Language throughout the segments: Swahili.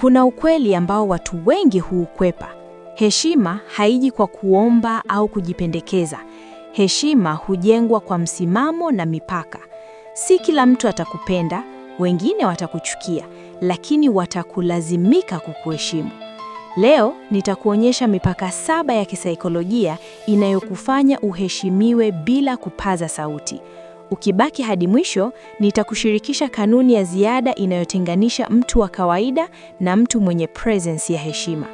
Kuna ukweli ambao watu wengi huukwepa. Heshima haiji kwa kuomba au kujipendekeza. Heshima hujengwa kwa msimamo na mipaka. Si kila mtu atakupenda, wengine watakuchukia, lakini watakulazimika kukuheshimu. Leo nitakuonyesha mipaka saba ya kisaikolojia inayokufanya uheshimiwe bila kupaza sauti. Ukibaki hadi mwisho, nitakushirikisha kanuni ya ziada inayotenganisha mtu wa kawaida na mtu mwenye presence ya heshima.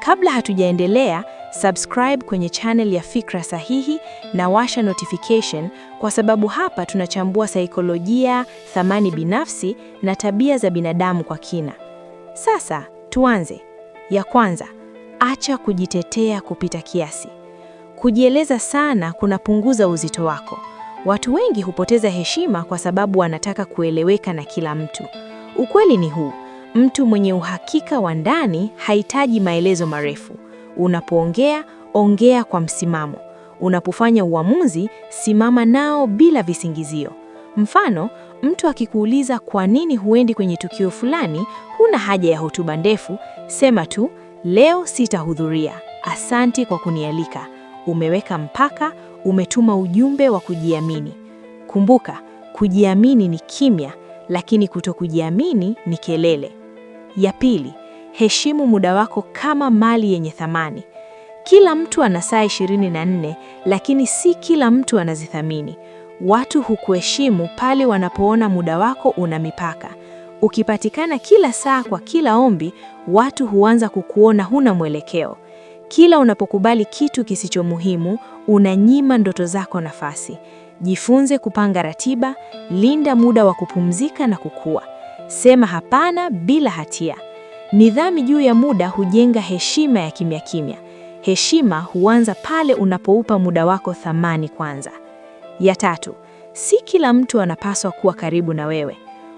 Kabla hatujaendelea, subscribe kwenye channel ya Fikra Sahihi na washa notification kwa sababu hapa tunachambua saikolojia, thamani binafsi na tabia za binadamu kwa kina. Sasa tuanze. Ya kwanza, acha kujitetea kupita kiasi. Kujieleza sana kunapunguza uzito wako. Watu wengi hupoteza heshima kwa sababu wanataka kueleweka na kila mtu. Ukweli ni huu, mtu mwenye uhakika wa ndani hahitaji maelezo marefu. Unapoongea, ongea kwa msimamo. Unapofanya uamuzi, simama nao bila visingizio. Mfano, mtu akikuuliza kwa nini huendi kwenye tukio fulani, huna haja ya hotuba ndefu, sema tu, leo sitahudhuria. Asanti kwa kunialika. Umeweka mpaka umetuma ujumbe wa kujiamini. Kumbuka, kujiamini ni kimya, lakini kutokujiamini ni kelele. Ya pili, heshimu muda wako kama mali yenye thamani. Kila mtu ana saa 24, lakini si kila mtu anazithamini. Watu hukuheshimu pale wanapoona muda wako una mipaka. Ukipatikana kila saa kwa kila ombi, watu huanza kukuona huna mwelekeo. Kila unapokubali kitu kisicho muhimu, unanyima ndoto zako nafasi. Jifunze kupanga ratiba, linda muda wa kupumzika na kukua. Sema hapana bila hatia. Nidhamu juu ya muda hujenga heshima ya kimya kimya. Heshima huanza pale unapoupa muda wako thamani kwanza. Ya tatu, si kila mtu anapaswa kuwa karibu na wewe.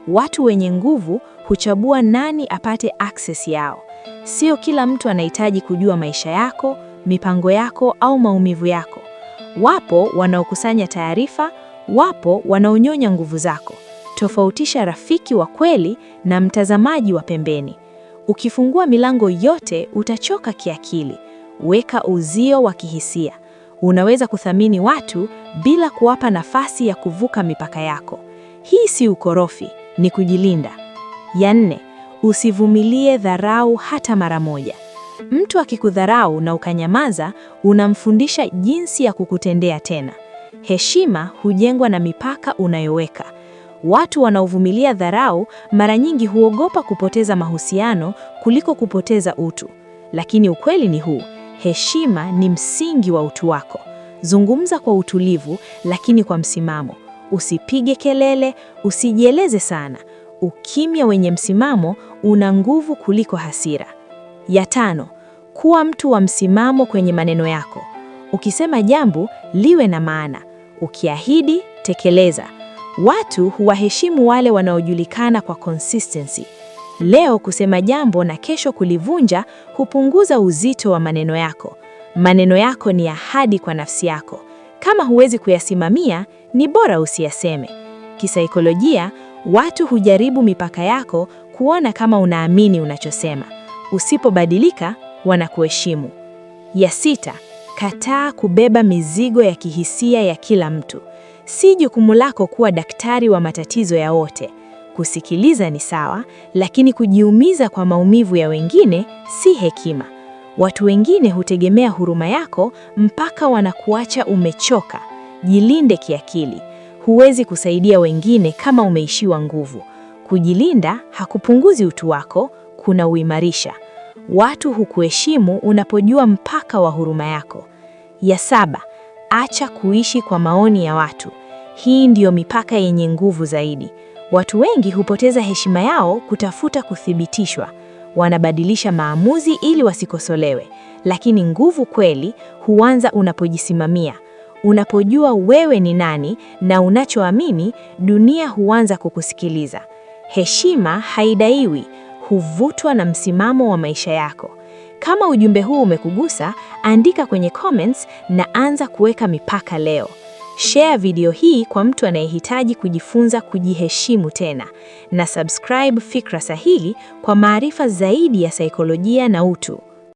Watu wenye nguvu huchagua nani apate access yao. Sio kila mtu anahitaji kujua maisha yako, mipango yako au maumivu yako. Wapo wanaokusanya taarifa, wapo wanaonyonya nguvu zako. Tofautisha rafiki wa kweli na mtazamaji wa pembeni. Ukifungua milango yote utachoka kiakili. Weka uzio wa kihisia. Unaweza kuthamini watu bila kuwapa nafasi ya kuvuka mipaka yako. Hii si ukorofi ni kujilinda. Ya nne, usivumilie dharau hata mara moja. Mtu akikudharau na ukanyamaza, unamfundisha jinsi ya kukutendea tena. Heshima hujengwa na mipaka unayoweka. Watu wanaovumilia dharau mara nyingi huogopa kupoteza mahusiano kuliko kupoteza utu. Lakini ukweli ni huu, heshima ni msingi wa utu wako. Zungumza kwa utulivu, lakini kwa msimamo. Usipige kelele, usijieleze sana. Ukimya wenye msimamo una nguvu kuliko hasira. Ya tano, kuwa mtu wa msimamo kwenye maneno yako. Ukisema jambo liwe na maana, ukiahidi tekeleza. Watu huwaheshimu wale wanaojulikana kwa consistency. Leo kusema jambo na kesho kulivunja hupunguza uzito wa maneno yako. Maneno yako ni ahadi kwa nafsi yako. Kama huwezi kuyasimamia, ni bora usiyaseme. Kisaikolojia, watu hujaribu mipaka yako kuona kama unaamini unachosema. Usipobadilika, wanakuheshimu. Ya sita, kataa kubeba mizigo ya kihisia ya kila mtu. Si jukumu lako kuwa daktari wa matatizo ya wote. Kusikiliza ni sawa, lakini kujiumiza kwa maumivu ya wengine si hekima. Watu wengine hutegemea huruma yako mpaka wanakuacha umechoka. Jilinde kiakili. Huwezi kusaidia wengine kama umeishiwa nguvu. Kujilinda hakupunguzi utu wako, kuna uimarisha. Watu hukuheshimu unapojua mpaka wa huruma yako. Ya saba, acha kuishi kwa maoni ya watu. Hii ndiyo mipaka yenye nguvu zaidi. Watu wengi hupoteza heshima yao kutafuta kuthibitishwa wanabadilisha maamuzi ili wasikosolewe. Lakini nguvu kweli huanza unapojisimamia. Unapojua wewe ni nani na unachoamini, dunia huanza kukusikiliza. Heshima haidaiwi, huvutwa na msimamo wa maisha yako. Kama ujumbe huu umekugusa, andika kwenye comments na anza kuweka mipaka leo. Share video hii kwa mtu anayehitaji kujifunza kujiheshimu tena, na subscribe Fikra Sahihi kwa maarifa zaidi ya saikolojia na utu.